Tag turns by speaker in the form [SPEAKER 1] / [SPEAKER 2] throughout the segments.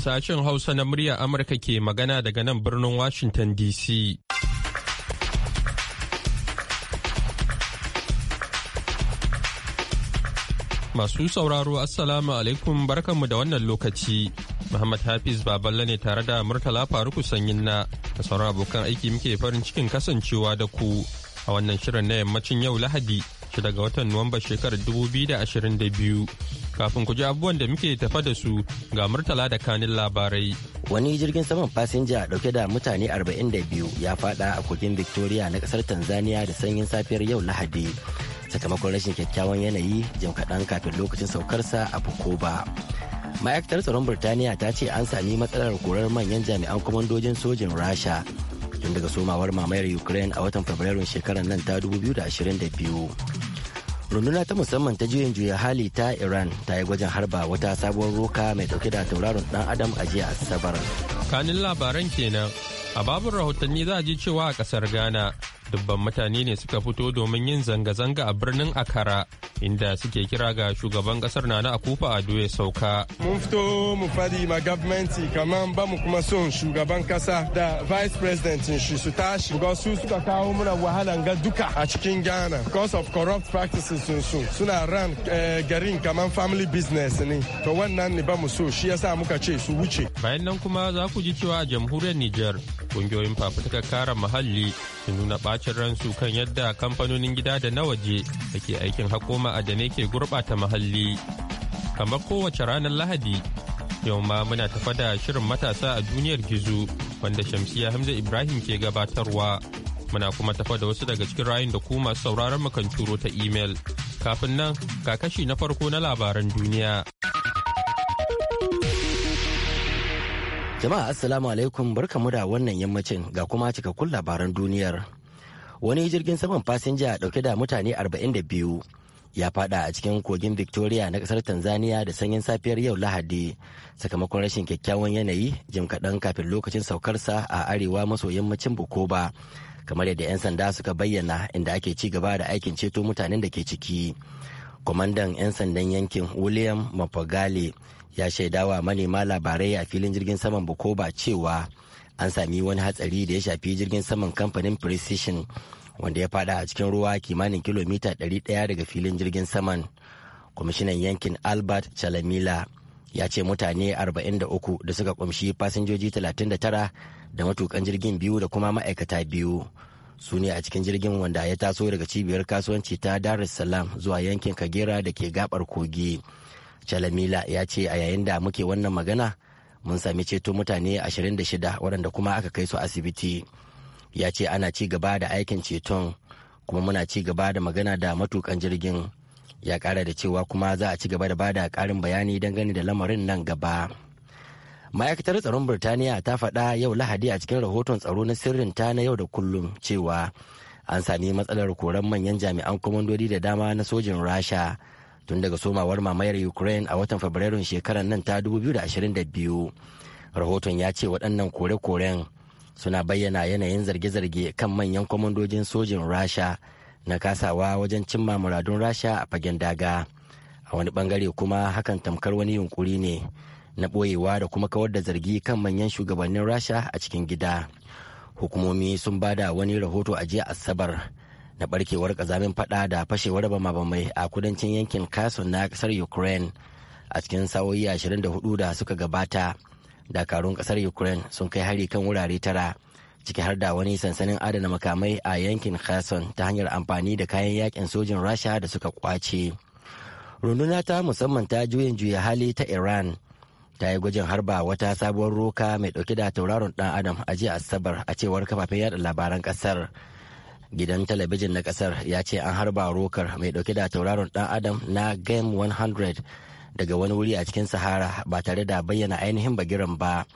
[SPEAKER 1] Sashen Hausa na murya Amurka ke magana daga nan birnin Washington DC. Masu sauraro Assalamu alaikum barkanmu da wannan lokaci. Muhammad Hafiz Baballe ne tare da Murtala Faruku Sanyin na da sauran abokan aiki muke farin cikin kasancewa da ku a wannan shirin na yammacin yau Lahadi daga daga watan Nuwamba shekarar 2022. Kafin ku ji abubuwan da muke tafa da su ga murtala da kanin labarai.
[SPEAKER 2] Wani jirgin saman fasinja dauke da mutane 42 ya fada a kogin Victoria na kasar Tanzania da sanyin safiyar yau Lahadi. Sakamakon rashin kyakkyawan yanayi jim kaɗan kafin lokacin saukarsa a Bukoba. Ma'aikatar tsaron Birtaniya ta ce an sami matsalar korar manyan jami'an kwamandojin sojin Rasha tun daga somawar mamayar ukraine a watan fabrairun shekarar nan ta 2022 runduna ta musamman ta juyin juya hali ta iran ta yi gwajin harba wata sabuwar roka mai dauke da tauraron dan adam a jiya asabar
[SPEAKER 1] kanin labaran kenan A babin rahotanni za a ji cewa a kasar Ghana dubban mutane ne suka fito domin yin zanga-zanga a birnin Akara inda suke kira ga shugaban kasar Nana Akufa Ado ya sauka.
[SPEAKER 3] Mun fito mu fadi ma gwamnati kamar ba mu kuma son shugaban kasa da vice president shi su tashi ga su suka kawo muna wahalan ga duka a cikin Ghana because of corrupt practices sun su suna ran eh, garin kamar family business ne to wannan ne ba mu so shi
[SPEAKER 1] yasa muka ce su wuce. Bayan nan kuma za ku ji cewa jamhuriyar Nijar kungiyoyin fafutukar kare muhalli su nuna bacin ransu kan yadda kamfanonin gida da na waje da ke aikin haƙo ma'adanai ke gurɓata muhalli kamar kowace ranar lahadi yau ma muna tafa da shirin matasa a duniyar gizo wanda shamsiya hamza ibrahim ke gabatarwa muna kuma tafa da wasu daga cikin rayun da ku masu sauraron mukan turo ta imel kafin nan kakashi na farko na labaran duniya.
[SPEAKER 2] Jama'a Assalamu alaikum barkamu da wannan yammacin ga kuma cikakkun labaran duniyar. Wani jirgin saman fasinja dauke da mutane 42 ya fada a cikin kogin Victoria na kasar Tanzania da sanyin safiyar yau Lahadi sakamakon rashin kyakkyawan yanayi jim kaɗan kafin lokacin saukarsa a arewa maso yammacin Bukoba kamar yadda 'yan sanda suka bayyana inda ake ci gaba da aikin ceto mutanen da ke ciki. Kwamandan 'yan sandan yankin William mafagale ya shaida wa manema labarai a filin jirgin saman bukoba cewa an sami wani hatsari da ya shafi jirgin saman kamfanin precision wanda ya fada a cikin ruwa kimanin kilomita 100 daga filin jirgin saman kwamishinan yankin albert chalamila ya ce mutane 43 da suka kumshi fasinjoji 39 da matukan jirgin biyu da kuma ma'aikata biyu su ne a cikin jirgin wanda ya taso daga cibiyar kasuwanci ta dar es salaam zuwa yankin kagera da ke gabar kogi Chalamila ya ce a yayin da muke wannan magana mun sami ceto mutane 26 waɗanda kuma aka kai su asibiti. Ya ce ana ci gaba da aikin ceton kuma muna ci gaba da magana da matukan jirgin. Ya kara da cewa kuma za a ci gaba da bada karin bayani gani da lamarin nan gaba. Ma'aikatar tsaron Birtaniya ta faɗa yau Lahadi a cikin rahoton tsaro na sirrin ta na yau da kullum cewa an sami matsalar koran manyan jami'an kwamandodi da dama na sojin Rasha. tun daga somawar mamayar ukraine a watan fabrairun shekarar nan ta 2022 rahoton ya ce waɗannan kore-koren suna bayyana yanayin zarge-zarge kan manyan kwamandojin sojin rasha na kasawa wajen cimma muradun rasha a fagen daga a wani bangare kuma hakan tamkar wani yunkuri ne na ɓoyewa da kuma kawar da zargi kan manyan shugabannin rasha a cikin gida hukumomi sun bada wani rahoto a jiya asabar da barkewar kazamin fada da fashewar bama-bamai a kudancin yankin kason na kasar ukraine a cikin sa'o'i 24 da suka gabata dakarun kasar ukraine sun kai hari kan wurare tara ciki har da wani sansanin adana makamai a yankin kherson ta hanyar amfani da kayan yakin sojin rasha da suka kwace runduna ta musamman ta juyin juya hali ta iran ta yi gwajin harba wata sabuwar roka mai dauke da tauraron dan adam a jiya asabar a cewar kafafen yada labaran kasar gidan talabijin na kasar ya ce an harba rokar mai dauke da tauraron dan adam na game 100 daga wani wuri a cikin sahara ba tare da bayyana ainihin bagiran ba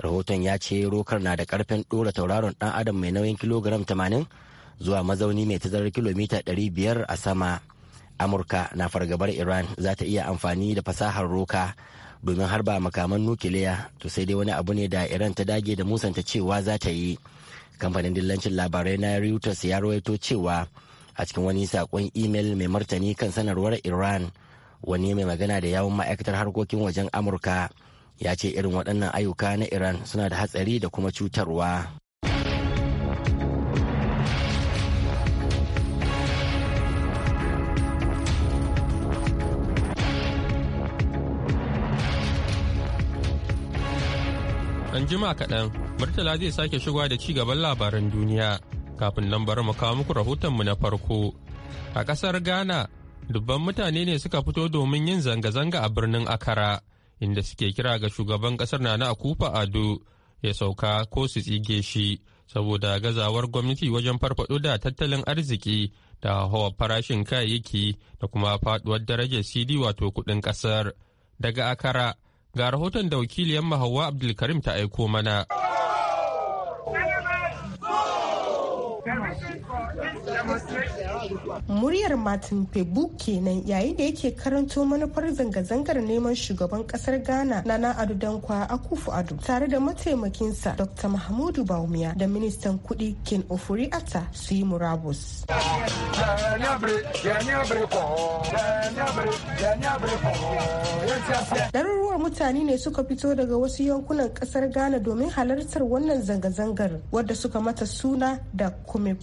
[SPEAKER 2] rahoton ya ce rokar na da karfin dora tauraron dan adam mai nauyin kilogram 80 zuwa mazauni mai tazarar kilomita 500 a sama amurka na fargabar iran za ta iya amfani da fasahar roka domin harba makaman nukiliya to sai dai wani abu ne da iran ta dage da musanta cewa za ta yi kamfanin dillancin labarai na reuters ya rawaito cewa a cikin wani saƙon imel mai martani kan sanarwar iran wani mai magana da yawon ma'aikatar harkokin wajen amurka ya ce irin waɗannan ayyuka na iran suna da hatsari da kuma cutarwa
[SPEAKER 1] An jima kaɗan, Murtala zai sake shigowa da ci gaban labaran duniya kafin nan bari mu kawo muku rahotonmu na farko. A ƙasar Ghana, dubban mutane ne suka fito domin yin zanga-zanga a birnin Akara, inda suke kira ga shugaban ƙasar na na Akufa Ado ya sauka ko su tsige shi saboda gazawar gwamnati wajen farfaɗo da tattalin arziki da hawa farashin kayayyaki da kuma faɗuwar darajar cd wato kuɗin ƙasar daga akara Ga rahoton da wakiliyar Hauwa Abdulkarim ta aiko mana.
[SPEAKER 4] muryar martin pebu kenan yayin da yake karanto manufar zanga-zangar neman shugaban kasar ghana nana adu dankwa akufu adu tare da mataimakinsa dr mahmudu baumiya da ministan kudi ken ofuri ata su yi murabus ɗaruruwar mutane ne suka fito daga wasu yankunan kasar ghana domin halartar wannan zanga-zangar wadda suka mata suna da kume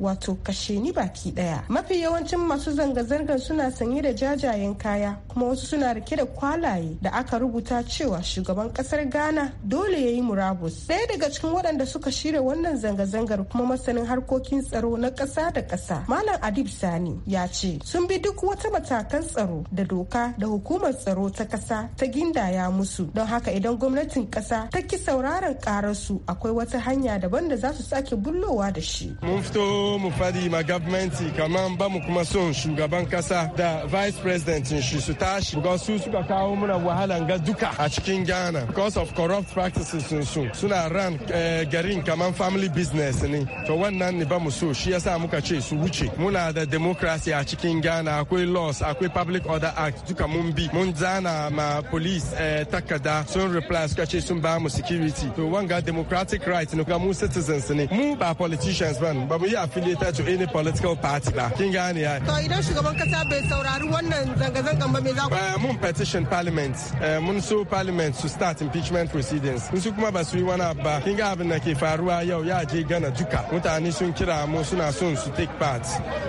[SPEAKER 4] wato kashe ni baki daya mafi yawancin masu zanga-zangar suna sanye da jajayen kaya kuma wasu suna rike da kwalaye da aka rubuta cewa shugaban kasar ghana dole ya yi murabus ɗaya daga cikin waɗanda suka shirya wannan zanga-zangar kuma masanin harkokin tsaro na ƙasa da ƙasa malam adib sani ya ce sun bi duk wata matakan tsaro da doka da hukumar tsaro ta ƙasa ta gindaya musu don haka idan gwamnatin ƙasa ta ki sauraron ƙararsu akwai wata hanya daban da za su sake bullowa da shi.
[SPEAKER 3] mun fito mu fadi ma gavmenti kamar an ba mu kuma son shugaban kasa da vice president shi su tashi ga su suka kawo muna wahalan ga duka a cikin Ghana because of corrupt practices sun su suna ran eh, garin kamar family business ne to wannan ne ba mu so shi yasa muka ce su wuce muna da democracy a cikin Ghana akwai laws akwai public order act duka mun bi mun zana ma police eh, takarda sun reply suka ce sun ba mu security to wanga democratic right ne mu citizens ne mu ba politicians ba ba mu yi affiliated to any political party ba kin gane ya to idan shugaban kasa bai saurari wannan zanga-zangan ba me za ku eh, mun petition parliament eh, mun so parliament su start impeachment proceedings in su kuma ba su yi wani ba kin ga abin da ke faruwa yau ya je gana duka mutane sun kira mu suna son su take part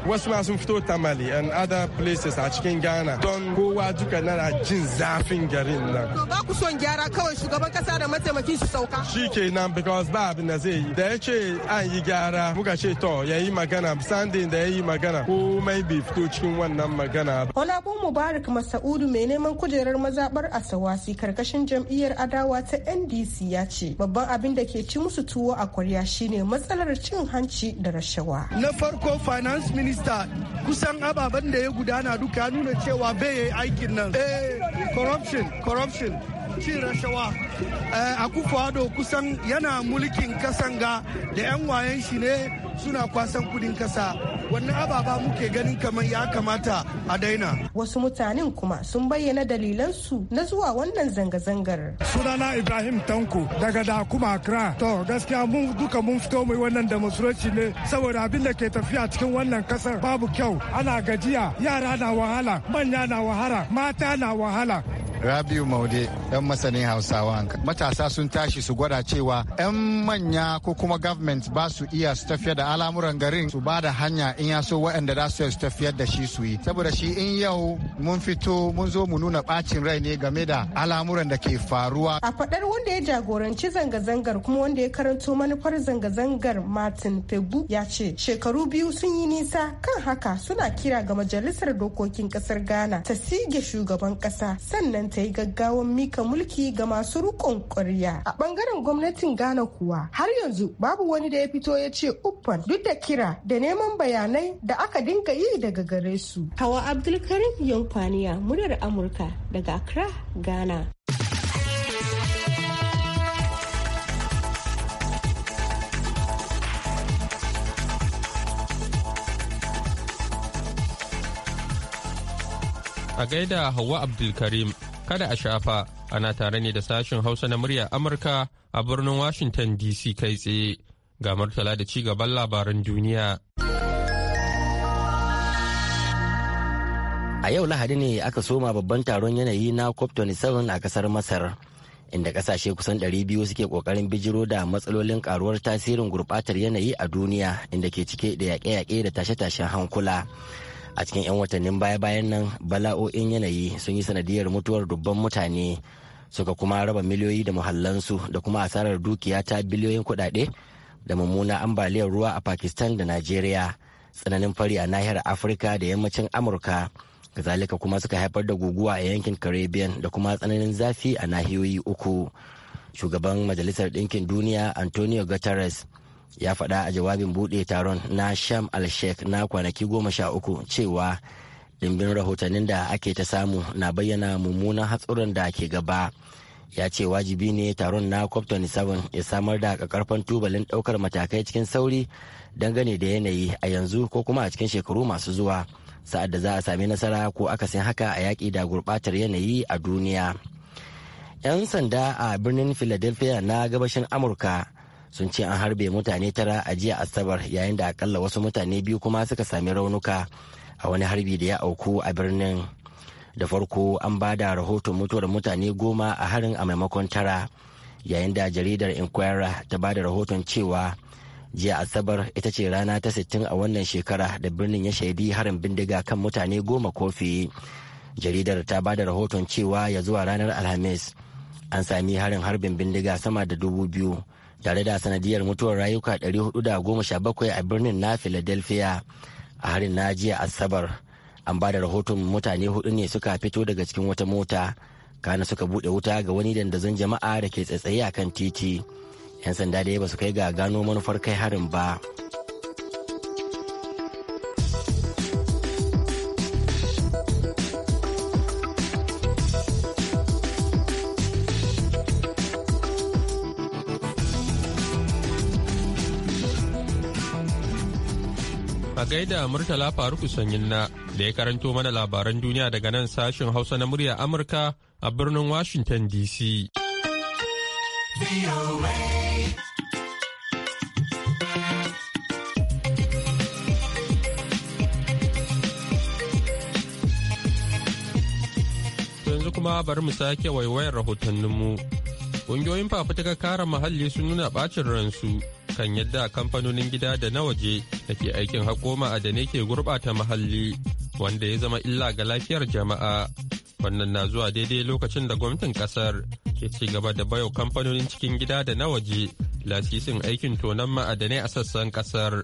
[SPEAKER 3] wasu ma sun fito tamale and other places a cikin ghana don kowa duka nana jin zafin garin nan
[SPEAKER 4] to ba ku son gyara kawai shugaban kasa da mataimakin su sauka
[SPEAKER 3] shi ke nan because ba abin da zai yi da ya ce an yi gyara muka ce to ya yi magana sandin da ya yi magana magana komai bai fito cikin wannan magana
[SPEAKER 4] ba. Mubarak Masa'udu mai neman kujerar mazabar Asawasi karkashin jam'iyyar adawa ta NDC ya ce babban abin da ke ci musu tuwo a kwarya shine matsalar cin hanci da rashawa.
[SPEAKER 5] Na farko finance minister kusan ababen da ya gudana duka nuna cewa bai yi aikin nan. Eh, corruption, corruption. cin rashawa eh, a kufado kusan yana mulkin kasan ga da 'yan wayan shi ne suna kwasan kudin kasa wannan ababa muke ganin kamar ya kamata a daina
[SPEAKER 4] wasu mutanen kuma sun bayyana dalilansu na zuwa wannan zanga-zangar
[SPEAKER 5] sunana ibrahim tanko daga da kuma kra to gaskiya mun duka mun fito mai wannan musulunci ne saboda abin da ke tafiya cikin wannan kasar babu kyau ana gajiya yara na wahala manya na wahala mata na wahala Rabiu Maude ɗan masanin Hausawa. Matasa sun tashi su gwada cewa 'yan manya ko kuma government ba su iya su tafiyar da al'amuran garin su ba da hanya in ya so waɗanda za su su tafiyar da shi su yi. Saboda shi in yau mun fito mun zo mu nuna ɓacin rai ne game da al'amuran da ke faruwa.
[SPEAKER 4] A faɗar wanda ya jagoranci zanga-zangar kuma wanda ya karanto manufar zanga-zangar Martin Pegu ya ce shekaru biyu sun yi nisa kan haka suna kira ga majalisar dokokin ƙasar Ghana ta shugaban ƙasa sannan ta yi gaggawan mika mulki ga masu rukon ƙwarya. A ɓangaren gwamnatin Ghana kuwa har yanzu babu wani da ya fito ya ce uffan duk da kira da neman bayanai da aka dinga yi daga gare su. Hawa Abdulkarim Yankwaniya muryar Amurka daga Accra, Ghana.
[SPEAKER 1] a gaida Hauwa Abdulkarim Kada a shafa ana tare ne da sashen Hausa na murya Amurka a birnin Washington DC kai tsaye ga Murtala da ci gaban labaran duniya.
[SPEAKER 2] A yau Lahadi ne aka soma babban taron yanayi na COP27 a kasar Masar, inda kasashe kusan 200 suke kokarin bijiro da matsalolin karuwar tasirin gurbatar yanayi a duniya inda ke cike da yaƙe-yaƙe da tashe-tashen hankula. a cikin 'yan watannin baya-bayan nan bala'o'in yanayi sun yi sanadiyar mutuwar dubban mutane suka kuma raba miliyoyi da muhallansu da kuma asarar dukiya ta biliyoyin kuɗaɗe da mummuna ambaliyar ruwa a pakistan da najeriya tsananin fari a nahiyar afirka da yammacin amurka kazalika kuma suka haifar da guguwa a yankin caribbean da kuma tsananin zafi a nahiyoyi uku shugaban majalisar ɗinkin duniya antonio guterres ya faɗa a jawabin buɗe taron na sham al-sheikh na kwanaki goma sha uku cewa dimbin rahotannin da ake ta samu na bayyana mummunan hatsuran da ke gaba ya ce wajibi ne taron na cop 27 ya samar da kakarfan tubalin ɗaukar matakai cikin sauri dangane da yanayi a yanzu ko kuma a cikin shekaru masu zuwa sa'ad da za a sami nasara ko aka akasin haka a yaƙi da gurɓatar yanayi a duniya 'yan sanda a birnin philadelphia na gabashin amurka sun ce an harbe mutane tara a jiya asabar yayin da akalla wasu mutane biyu kuma suka sami raunuka a wani harbi da ya auku a birnin da farko an ba da rahoton mutuwar mutane goma a harin a maimakon tara yayin da jaridar inquirer ta ba da rahoton cewa jiya asabar ita ce rana ta sittin a wannan shekara da birnin ya shaidi harin bindiga kan mutane goma kofi jaridar ta ba da rahoton cewa ya zuwa ranar alhamis an sami harin harbin bindiga sama da dubu biyu tare da sanadiyar mutuwar rayuka 417 a birnin na Philadelphia a harin na jiya Asabar. An ba da rahoton mutane hudu ne suka fito daga cikin wata mota, kana suka buɗe wuta ga wani dandazon jama'a da ke tsatsaye a kan titi. 'Yan sanda dai ba su kai ga gano manufar kai harin ba.
[SPEAKER 1] A gaida Murtala Faruku sanyina da ya karanto mana labaran duniya daga nan sashen Hausa na murya Amurka a birnin Washington DC. Yanzu kuma bari mu sake waiwayar rahotanninmu. Ƙungiyoyin fafutukar kare muhalli sun nuna ɓacin ransu kan yadda kamfanonin gida da na waje da ke aikin haƙo ma'adanai ke gurɓata muhalli wanda ya zama illa ga lafiyar jama'a wannan na zuwa daidai lokacin da gwamnatin kasar ke ci gaba da bayo kamfanonin cikin gida da na waje lasisin aikin tonon ma'adanai a sassan kasar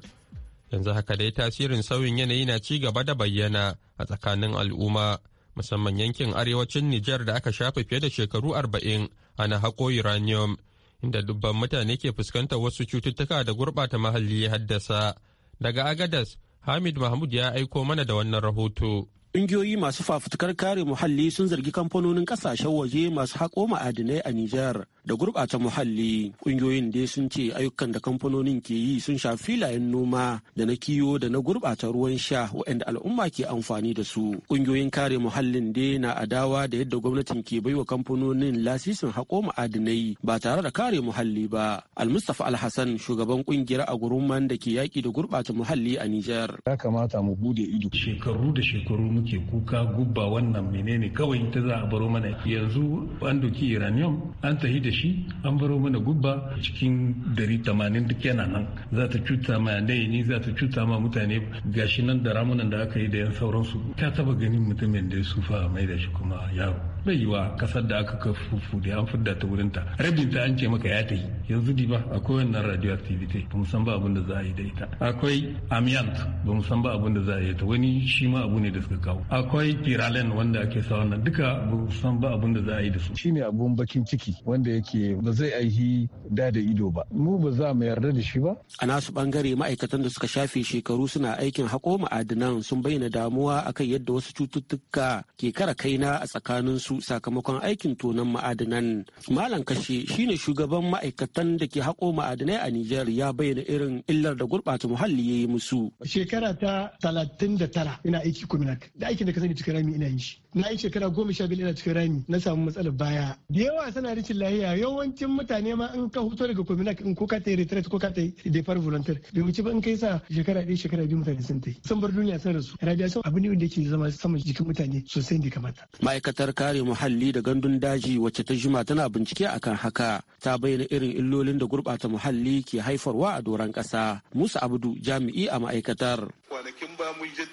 [SPEAKER 1] yanzu haka dai tasirin sauyin yanayi na ci gaba da bayyana a tsakanin al'umma musamman yankin arewacin nijar da aka shafe fiye da shekaru arba'in ana haƙo uranium inda dubban mutane ke fuskantar wasu cututtuka da gurɓata mahalli haddasa. Daga Agadas, Hamid Mahmud ya aiko mana da wannan rahoto.
[SPEAKER 6] Ƙungiyoyi masu fafutukar kare muhalli sun zargi kamfanonin ƙasashen waje masu haƙo ma'adinai a Nijar da gurɓata muhalli. Ƙungiyoyin dai sun ce ayyukan da kamfanonin ke yi sun sha filayen noma da na kiyo da na gurɓata ruwan sha waɗanda al'umma ke amfani da su. Ƙungiyoyin kare muhallin dai na adawa da yadda gwamnatin ke baiwa kamfanonin lasisin haƙo ma'adinai ba tare da kare muhalli ba. Almustafa Alhassan shugaban ƙungiyar a gurumman da ke yaƙi da gurɓata muhalli a Nijar.
[SPEAKER 3] Ya kamata mu bude ido shekaru da shekaru muke kuka gubba wannan menene kawai ta za a baro mana yanzu an doki iranium an tahi da shi an baro mana gubba cikin dari tamanin duk yana nan za ta cuta ma ni za ta cuta ma mutane gashi nan da ramunan da aka yi da yan sauransu ta taba ganin mutumin da ya sufa mai da shi kuma yaro bai yiwa kasar da aka kafufu da an fidda ta wurin ta rabin ta an ce maka ya tafi yanzu di ba akwai wannan radioactivity ba san ba abin da za a yi da ita akwai amiant ba san ba abin da za a yi ta wani shi ma abu ne da suka kawo akwai kiralen wanda ake sa wannan duka ba san ba abin da za a yi da su shine abun bakin ciki wanda yake ba zai aihi da da ido ba mu ba za mu yarda da shi ba
[SPEAKER 6] a nasu bangare ma'aikatan da suka shafe shekaru suna aikin haƙo ma'adinan sun bayyana damuwa akan yadda wasu cututtuka ke kara kaina a tsakanin su sakamakon aikin tonon ma'adinan. Malam kashe shine shugaban ma'aikatan da ke haƙo ma'adinai a Nijar ya bayyana irin illar da gurɓata muhalli ya yi musu.
[SPEAKER 5] Shekara ta talatin da tara ina aiki kuminak da aikin da ka sani cikin rami ina yin shi. Na yi shekara goma sha biyu ina cikin rami na samu matsalar baya. Da yawa sana rikin lahiya yawancin mutane ma in ka huto daga kuminak in ko ka ta yi ko ka ta yi defar volunteer. Bai wuce ba in kai sa shekara ɗaya shekara biyu mutane sun ta yi. Sun bar duniya sun rasu. Radiation abu ne wanda ke zama saman jikin mutane sosai da kamata.
[SPEAKER 6] Ma'aikatar kare kare muhalli da gandun daji wacce ta jima tana bincike akan haka ta bayyana irin illolin da gurɓata muhalli ke haifarwa a doron ƙasa musa abdu jami'i a ma'aikatar
[SPEAKER 5] kwanakin ba mun je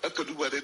[SPEAKER 5] aka duba da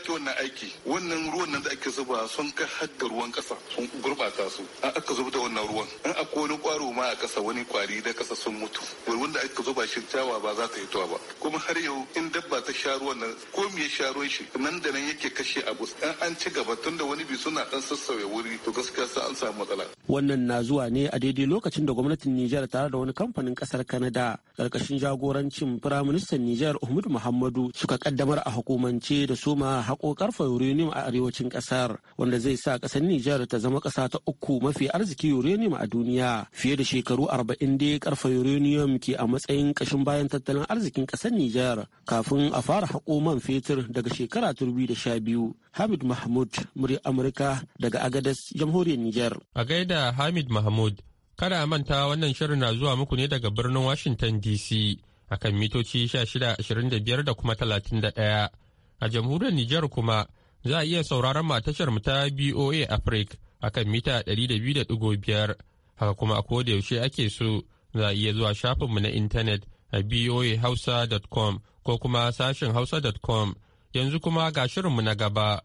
[SPEAKER 5] ake wannan aiki wannan ruwan nan da ake zuba sun ka hadda ruwan kasa sun gurbata su an aka zuba da wannan ruwan an aka wani kwaro ma a kasa wani kwari da kasa sun mutu wanda aka zuba shi tawa ba za ta hitowa ba kuma har yau in dabba ta sha ruwan nan ko me sha ruwan shi nan da nan yake kashe abu an an ci gaba tun da wani bi suna dan sassauya wuri to gaskiya sai an samu matsala
[SPEAKER 6] wannan na zuwa ne a daidai lokacin da gwamnatin Nijar tare da wani kamfanin kasar Canada karkashin jagorancin firaministan Nijar Ahmadu Muhammadu suka kaddamar a hukumance da soma haƙo ƙarfa uranium a arewacin ƙasar wanda zai sa ƙasar Nijar ta zama ƙasa ta uku mafi arziki uranium a duniya fiye da shekaru 40 da ƙarfa uranium ke a matsayin ƙashin bayan tattalin arzikin ƙasar Nijar kafin a fara haƙo man fetur daga shekara 2012 Hamid Mahmud muri Amurka daga Agadas jamhuriyar Nijar
[SPEAKER 1] a gaida Hamid Mahmud kada a manta wannan shirin na zuwa muku ne daga birnin Washington DC akan mitoci 1625 da kuma 31 A jamhuriyar Nijar kuma za a iya sauraron matashar mu ta BOA Africa akan mita 200.5 haka kuma a koda yaushe ake so za a iya zuwa shafinmu na intanet a boahausa.com ko kuma sashin hausa.com yanzu kuma ga shirinmu na gaba.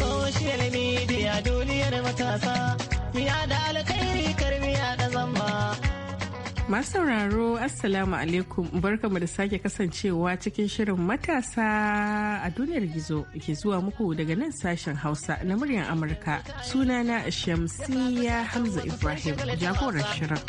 [SPEAKER 2] Social media duniyar matasa,
[SPEAKER 7] Masu sauraro Assalamu alaikum barkamu da sake kasancewa cikin shirin matasa a duniyar gizo ke zuwa muku daga nan sashen Hausa na muryar Amurka. Sunana Shamsiya Hamza Ibrahim jagorar shirin.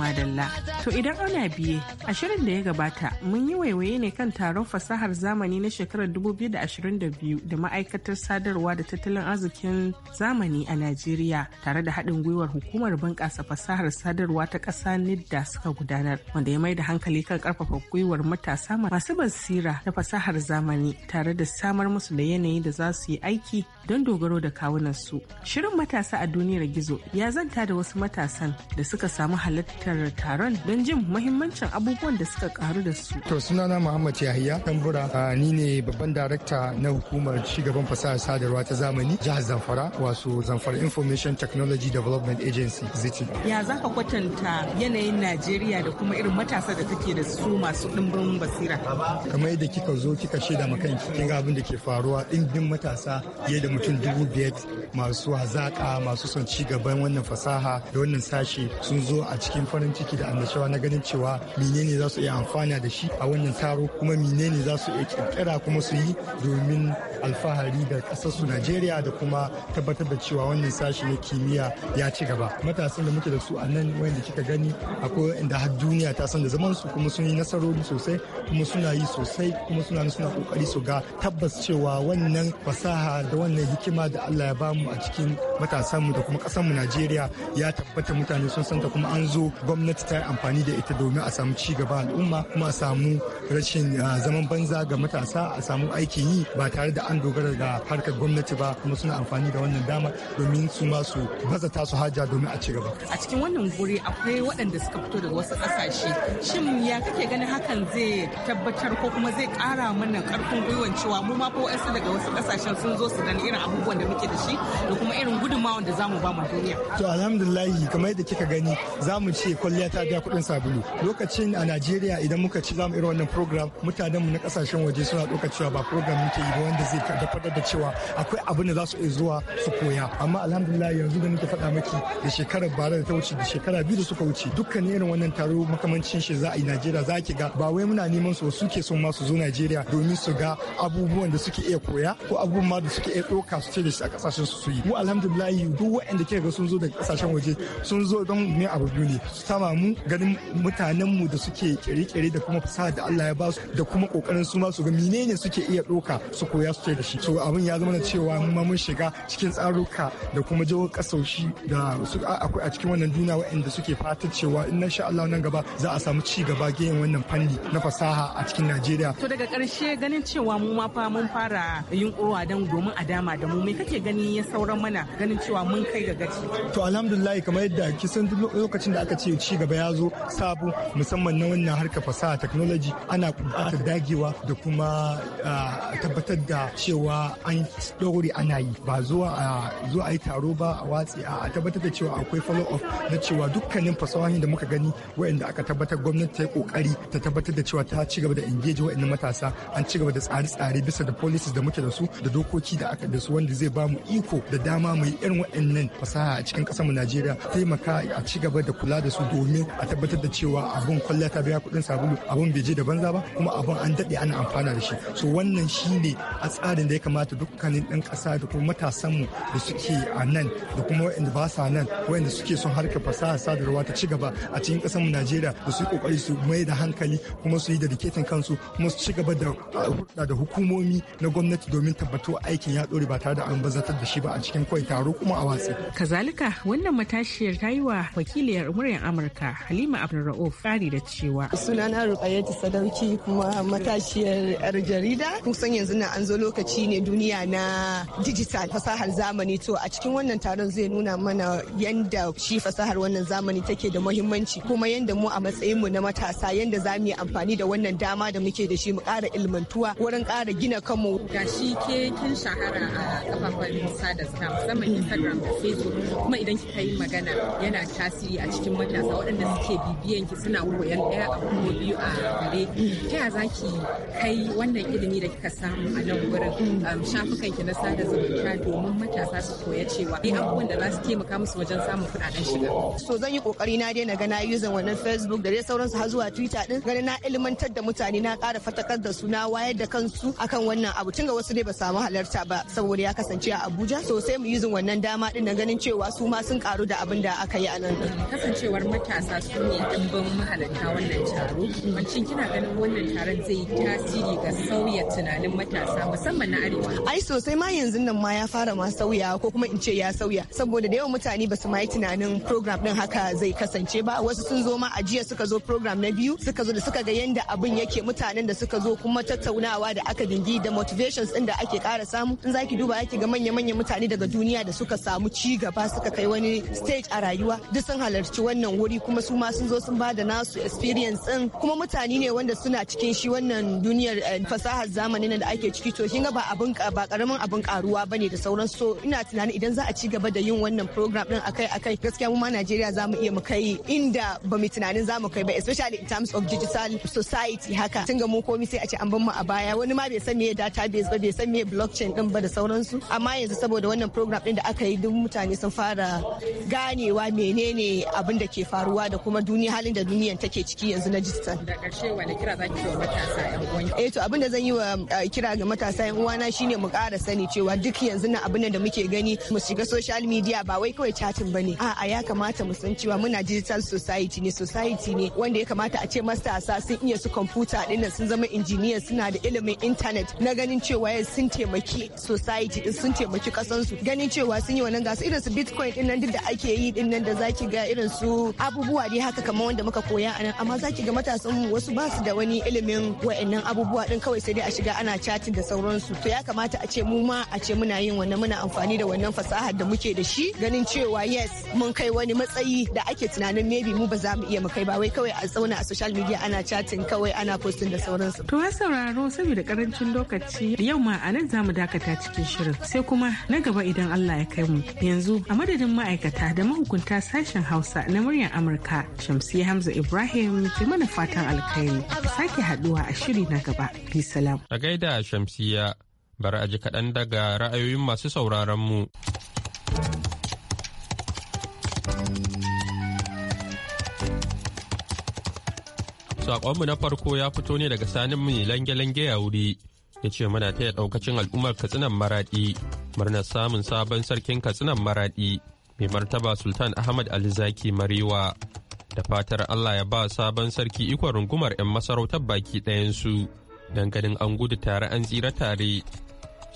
[SPEAKER 7] madalla. To idan ana biye, a shirin da ya gabata mun yi waiwaye ne kan taron fasahar zamani na shekarar 2022 da ma'aikatar sadarwa da tattalin arzikin zamani a Najeriya tare da haɗin gwiwar hukumar bunƙasa fasahar sadarwa ta ƙasa NIDDA suka gudanar wanda ya mai da hankali kan ƙarfafa gwiwar matasa masu basira na fasahar zamani tare da samar musu da yanayi da za su yi aiki don dogaro da kawunan su Shirin matasa a duniyar gizo ya zanta da wasu matasan da suka samu halatta halartar taron don jin mahimmancin abubuwan da suka karu
[SPEAKER 5] da su. To sunana Muhammad Yahiya Tambura ni ne babban darakta na hukumar shugaban fasahar sadarwa ta zamani jihar Zamfara wasu Zamfara Information Technology Development Agency Ziti.
[SPEAKER 7] Ya za ka kwatanta yanayin Najeriya da kuma irin matasa da take da su masu ɗimbin basira. Kamar
[SPEAKER 5] yadda kika zo kika shaida ma kanki kin ga abin da ke faruwa ɗimbin matasa fiye da mutum dubu biyar masu hazaka masu son ci gaban wannan fasaha da wannan sashe sun zo a cikin farin ciki da annashawa na ganin cewa menene za su iya amfana da shi a wannan taro kuma menene za su iya kirkira kuma su yi domin alfahari da kasarsu su Najeriya da kuma tabbatar da cewa wannan sashi na kimiyya ya ci gaba. Matasan da muke da su a nan wanda kika gani akwai inda har duniya ta san da zaman su kuma sun yi nasarori sosai kuma suna yi sosai kuma suna suna kokari su ga tabbas cewa wannan fasaha da wannan hikima da Allah ya bamu a cikin matasanmu da kuma ƙasarmu Najeriya ya tabbata mutane sun santa kuma an zo gwamnati ta yi amfani da ita domin a samu ci gaba al'umma kuma a samu rashin zaman banza ga matasa a samu aikin yi ba tare da an dogara ga harkar gwamnati ba kuma suna amfani da wannan dama domin su ma su baza su haja domin a ci
[SPEAKER 4] gaba.
[SPEAKER 7] A cikin wannan guri akwai waɗanda suka fito daga wasu ƙasashe. Shin ya kake ganin hakan zai tabbatar ko kuma zai ƙara mana ƙarfin gwiwan cewa mu ma ko wasu daga wasu ƙasashen sun zo su gani irin abubuwan da muke da shi da kuma irin gudunmawar da zamu ba mu duniya.
[SPEAKER 5] To alhamdulillahi kamar yadda kika gani za mu ce kwalliya ta biya kuɗin sabulu lokacin a najeriya idan muka ci zamu irin wannan program mutanenmu na kasashen waje suna ɗauka cewa ba program muke yi ba wanda zai tabbatar da cewa akwai abin da za su iya zuwa su koya amma alhamdulillah yanzu da muke faɗa maki da shekarar bara da ta wuce da shekara biyu da suka wuce dukkan irin wannan taro makamancin shi za a yi najeriya za ki ga ba wai muna neman su suke son ma su zo najeriya domin su ga abubuwan da suke iya koya ko abubuwan ma da suke iya ɗauka su ce da shi a kasashen su su yi mu alhamdulillah duk waɗanda kika ga sun zo daga kasashen waje sun zo don ne abu biyu ne su mu ganin mutanenmu da suke kere-kere da kuma fasaha da Allah ya ba su da kuma kokarin su ma su ga menene suke iya doka su koya su ce da shi so abin ya zama cewa mun ma mun shiga cikin tsaruka da kuma jawo kasaushi da akwai a cikin wannan duniya waɗanda suke fatan cewa in sha Allah nan gaba za a samu ci gaba gayen wannan fanni na fasaha a cikin Najeriya.
[SPEAKER 7] To daga karshe ganin cewa mu ma fa mun fara yunkurwa don domin a dama da mu me kake gani ya sauran mana ganin cewa mun kai ga gaci.
[SPEAKER 5] To alhamdulillah kamar yadda kisan lokacin da aka ce yake ci gaba ya zo sabo musamman na wannan harka fasaha technology ana buƙatar dagewa da kuma tabbatar da cewa an ɗaure ana yi ba zuwa a yi taro ba a watsi a tabbatar da cewa akwai follow up na cewa dukkanin fasahohin da muka gani wayanda aka tabbatar gwamnati ta yi kokari ta tabbatar da cewa ta ci gaba da engage wayannan matasa an ci gaba da tsare-tsare bisa da policies da muke da su da dokoki da aka da su wanda zai ba mu iko da dama mu yi irin waɗannan fasaha a cikin ƙasar mu Najeriya taimaka a ci gaba da kula da su domin a tabbatar da cewa abun kwalliya ta biya kudin sabulu abun bai je da banza ba kuma abun an dade ana amfana da shi so wannan shine a tsarin da ya kamata dukkanin ɗan ƙasa da kuma mu da suke a nan da kuma waɗanda ba sa nan waɗanda suke son harka fasaha sadarwa ta ci gaba a cikin mu Najeriya da su kokari su mai da hankali kuma su yi da riketin kansu kuma su ci gaba da hulɗa da hukumomi na gwamnati domin tabbatar aikin ya ɗore ba tare da an bazatar da shi ba a cikin kawai taro kuma a watsi.
[SPEAKER 7] Kazalika wannan matashiyar ta yi wa wakiliyar muryar Amurka Halima Abdulra'uf kari da cewa. Sunana Rukayatu
[SPEAKER 8] Sadauki kuma matashiyar yar jarida. Kusan yanzu na an zo lokaci ne duniya na digital fasahar zamani to a cikin wannan taron zai nuna mana yanda shi fasahar wannan zamani take da muhimmanci kuma yanda mu a matsayin mu na matasa yanda za mu yi amfani da wannan dama da muke da shi mu ƙara ilmantuwa wurin kara gina kanmu.
[SPEAKER 7] Ga shi ke kin shahara a kafafan sada zumunta musamman Instagram da Facebook kuma idan kika yi magana yana tasiri a cikin matasa waɗanda suke bibiyan ki suna koyan ɗaya a kuma biyu a gare ta ya za ki kai wannan ilimi da kika samu a nan wurin um, shafukan ki na sada zumunta domin matasa su koya cewa ni abubuwan da za su taimaka musu wajen samun kuɗaɗen shiga.
[SPEAKER 8] so zan yi kokari na daina gana ga na yi wannan facebook da dai sauransu har zuwa twitter ɗin ganin na ilmantar da mutane na ƙara fatakar da su na wayar da kansu akan wannan abu tun ga wasu dai ba samu halarta ba saboda ya kasance a abuja sosai mu yuzin wannan dama ɗin na ganin cewa su ma sun karu da abin da aka yi a
[SPEAKER 7] nan kasancewar kamar matasa su ne dubban mahalarta wannan taro wancin kina ganin wannan taron zai yi tasiri ga sauya tunanin matasa musamman na arewa ai sosai ma
[SPEAKER 8] yanzu nan ma ya fara ma sauya ko kuma in ce ya sauya saboda da yawan mutane ba su ma yi tunanin program din haka zai kasance ba wasu sun zo ma a jiya suka zo program na biyu suka zo da suka ga yanda abin yake mutanen da suka zo kuma tattaunawa da aka dingi da motivations din da ake kara samu in zaki duba yake ga manya-manyan mutane daga duniya da suka samu ci gaba suka kai wani stage a rayuwa duk sun halarci wannan wannan wuri kuma su ma sun zo sun ba da nasu experience din kuma mutane ne wanda suna cikin shi wannan duniyar eh, fasahar zamani da ake ciki to kinga ba abin ba karamin abin karuwa bane da sauran so ina tunanin idan za a ci gaba da yin wannan program din akai akai gaskiya mu ma Najeriya za mu iya mu kai inda ba mu tunanin za mu kai ba especially in terms of digital society haka tun ga mu komai sai a ce an bar mu a baya wani ma bai san me database ba bai san me blockchain din ba da sauransu amma yanzu saboda wannan program din da aka yi duk mutane sun fara ganewa menene abin da ke ke faruwa da kuma duniya halin da duniyan take ciki yanzu na jistan. Da
[SPEAKER 4] ƙarshe wani kira za
[SPEAKER 7] ki wa matasa
[SPEAKER 8] 'yan uwanki? Eh to abin da zan yi wa eh, kira ga matasa 'yan uwana shine mu ƙara sani cewa duk yanzu na abin da muke gani mu shiga social media ba wai kawai chatin bane. A'a ya kamata mu san cewa muna digital society ne society ne wanda ya kamata a ce matasa sun iya su kwamfuta ɗin sun zama injiniya suna da ilimin intanet na ganin cewa sun taimaki society din sun taimaki kasansu ganin cewa sun yi wannan gasu irin su bitcoin din nan duk da ake yi din nan da zaki ga irin su abubuwa dai haka kamar wanda muka koya a nan amma zaki ga matasan mu wasu ba su da wani ilimin wa'annan abubuwa din kawai sai dai a shiga ana chatting da sauransu to ya kamata a ce mu ma a ce muna yin wannan muna amfani da wannan fasaha da muke da shi ganin cewa yes mun kai wani matsayi da ake tunanin maybe mu ba za mu iya mu kai ba wai kawai a zauna a social media ana chatting kawai ana posting
[SPEAKER 7] da sauransu. To sauraro saboda karancin lokaci yau ma a nan zamu dakata cikin shirin sai kuma na gaba idan Allah ya kai mu yanzu a madadin ma'aikata da mahukunta sashen Hausa na murya muryar Amurka Shamsi Hamza Ibrahim ke mana fatan alkhairi sake haduwa a shiri na gaba. Bisalam.
[SPEAKER 1] A gaida Shamsiya bari a ji kaɗan daga ra'ayoyin masu sauraron mu. Saƙonmu na farko ya fito ne daga sanin mai lange-lange ya wuri ya ce muna taya ɗaukacin al'ummar katsinan maraɗi murnar samun sabon sarkin katsinan maraɗi mai martaba sultan ahmad ali zaki marewa da fatar allah ya ba sabon sarki ikon rungumar 'yan masarautar baki ɗayansu don ganin an gudu tare an tsira tare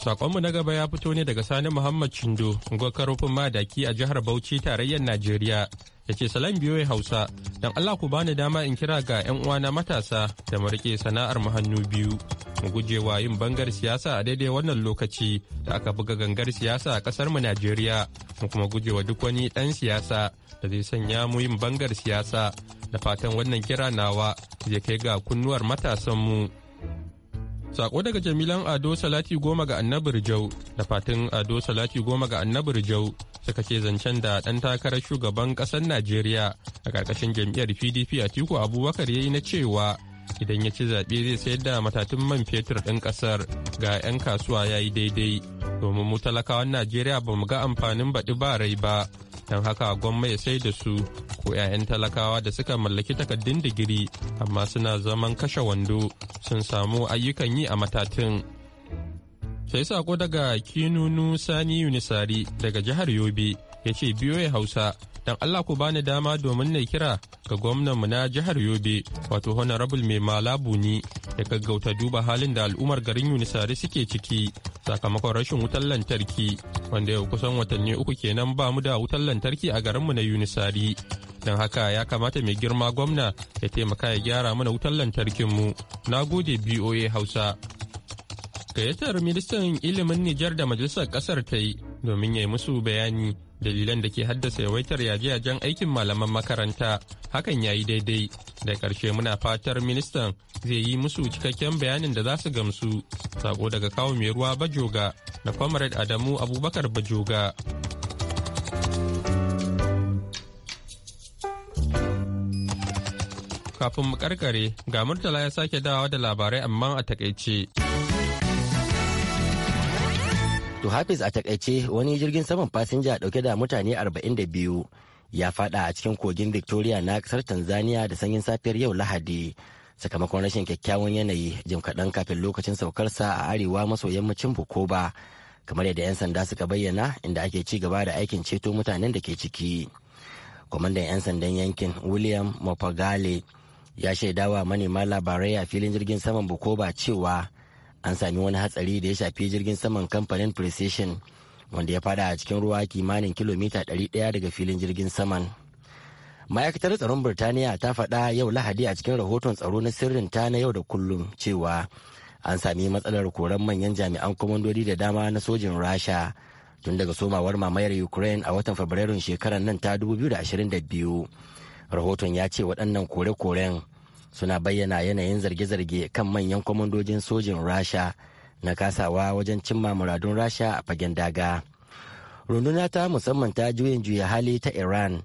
[SPEAKER 1] sakonmu na gaba ya fito ne daga sani muhammad shindo gwakar rufin madaki a jihar bauchi tarayyar najeriya ya ce salam biyoyi hausa don allah ku bani dama in kira ga 'yan uwana matasa da mu rike sana'ar mu hannu biyu mu gujewa yin bangar siyasa a daidai wannan lokaci da aka buga gangar siyasa a kasar mu Najeriya mu kuma gujewa duk wani dan siyasa da zai sanya mu yin bangar siyasa da fatan wannan kira nawa zai kai ga kunnuwar matasan mu Sako daga Jamilan Ado Salati goma ga annabir jau da fatan Ado Salati goma ga annabir jau suka ce zancen da ɗan takarar shugaban ƙasar Najeriya a ƙarƙashin jam'iyyar PDP a Tiku Abubakar ya yi na cewa idan ya ci zaɓe zai sayar da matatun man fetur ɗin ƙasar ga 'yan kasuwa ya yi daidai domin mu talakawan najeriya ba mu ga amfanin baɗi ba rai ba don haka gwamma ya sai da su ko 'ya'yan talakawa da suka mallaki takardun digiri amma suna zaman kashe wando sun samu ayyukan yi a matatun sai sako daga kinunu sani unisari daga jihar yobe ya ce ya hausa don Allah ku bani dama domin na kira ga mu na jihar Yobe wato Honorable Mai Malabu ni ya gaggauta duba halin da al'ummar garin Unisari suke ciki sakamakon rashin wutar lantarki wanda yau kusan watanni uku kenan ba mu da wutar lantarki a garin mu na Unisari. Don haka ya kamata mai girma gwamna ya taimaka ya gyara mana wutar lantarkin mu Na gode BOA Hausa. Gayyatar ministan ilimin Nijar da majalisar ƙasar ta yi domin ya yi musu bayani dalilan da ke haddasa yawaitar yaje-yajen aikin malaman makaranta hakan ya yi daidai da ƙarshe muna fatar ministan zai yi musu cikakken bayanin da za su gamsu sako daga kawun mai ruwa bajoga da comrade adamu abubakar bajoga kafin mu karkare ga murtala ya sake dawa da labarai amma a takaice.
[SPEAKER 2] To Hafiz a takaice wani jirgin saman fasinja dauke da mutane 42 ya fada a cikin kogin Victoria na kasar Tanzania da sanyin safiyar yau Lahadi. Sakamakon rashin kyakkyawan yanayi jim kaɗan kafin lokacin saukarsa a arewa maso yammacin Bukoba. Kamar yadda 'yan sanda suka bayyana inda ake ci gaba da aikin ceto mutanen da ke ciki. Kwamandan 'yan sandan yankin William Mopagale ya shaidawa manema labarai a filin jirgin saman Bukoba cewa an sami wani hatsari da ya shafi jirgin saman kamfanin precision wanda ya fada a cikin ruwa kimanin kilomita 100 daga filin jirgin saman ma'aikatar tsaron birtaniya ta faɗa yau lahadi a cikin rahoton tsaro na sirrin ta na yau da kullum cewa an sami matsalar koren manyan jami'an kwamandodi da dama na sojin rasha tun daga somawar mamayar ukraine a watan fabrairun shekarar nan ta 2022 rahoton ya ce waɗannan kore-koren suna bayyana yanayin zarge-zarge kan manyan kwamandojin sojin rasha na kasawa wajen cimma muradun rasha a fagen daga runduna ta musamman ta juyin juya hali ta iran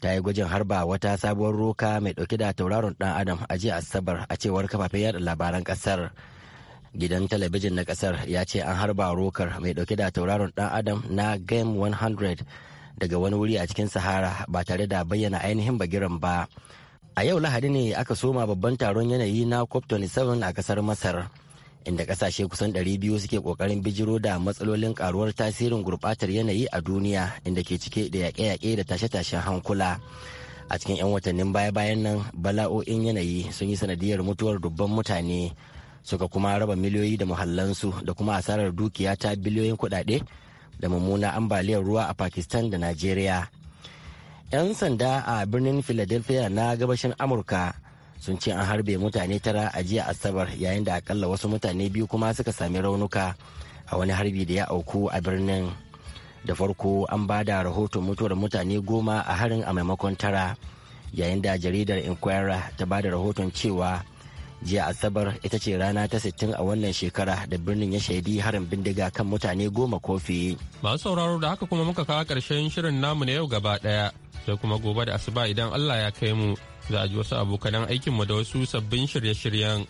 [SPEAKER 2] ta yi gwajin harba wata sabuwar roka mai dauke da tauraron dan adam a jiya asabar a cewar kafafen yada labaran kasar gidan talabijin na kasar ya ce an harba rokar mai dauke da tauraron dan adam na game 100 daga wani wuri a cikin sahara ba tare da bayyana ainihin bagiran ba A yau Lahadi ne aka soma babban taron yanayi na COP27 a kasar Masar, inda kasashe kusan 200 suke kokarin bijiro da matsalolin karuwar tasirin gurbatar yanayi a duniya inda ke cike da yaƙe-yaƙe da tashe-tashen hankula. A cikin 'yan watannin baya-bayan nan bala'o'in yanayi sun yi sanadiyar mutuwar dubban mutane suka kuma raba miliyoyi da muhallansu da kuma asarar dukiya ta biliyoyin kuɗaɗe da mummuna ambaliyar ruwa a Pakistan da Najeriya. 'yan sanda a birnin philadelphia na gabashin amurka sun ce an harbe mutane tara a jiya asabar yayin da akalla wasu mutane biyu kuma suka sami raunuka a wani harbi da ya auku a birnin da farko an ba da rahoton mutuwar mutane goma a harin a maimakon tara yayin da jaridar inquirer ta ba da rahoton cewa jiya asabar ita ce rana ta sittin a wannan shekara da birnin ya shaidi harin bindiga kan mutane goma kofi
[SPEAKER 1] masu sauraro da haka kuma muka kawo karshen shirin namu na yau gaba daya sai kuma gobe da asuba idan Allah ya kai mu za a ji wasu abokanan mu da wasu sabbin shirye-shiryen.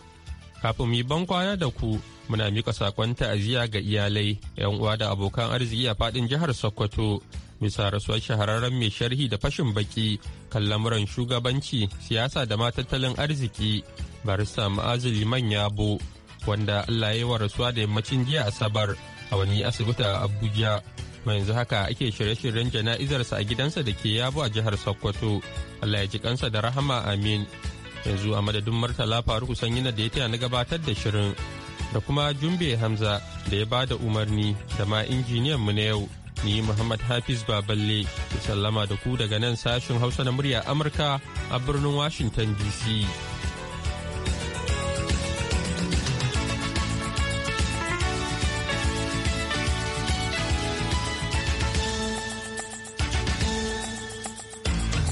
[SPEAKER 1] Kafin mu yi ban kwana da ku muna mika sakon ta'aziyya ga iyalai, 'yan uwa da abokan arziki a faɗin jihar Sokoto. bisa rasuwar shahararren mai sharhi da fashin baki kan lamuran shugabanci siyasa da ma tattalin arziki barista ma'azu liman yabo wanda allah ya yi wa rasuwa da yammacin jiya asabar a wani asibiti a abuja ma yanzu haka ake shirye-shiryen jana'izarsa a gidansa da ke yabo a jihar Sokoto. Allah ya ji kansa da rahama amin. Yanzu a madadin Murtala Faruku yana da ya taya na gabatar da shirin da kuma Jumbe Hamza da ya ba da umarni da ma injiniyan mu na yau. Ni Muhammad Hafiz Baballe sallama da ku daga nan sashin Hausa na murya Amurka a birnin Washington DC.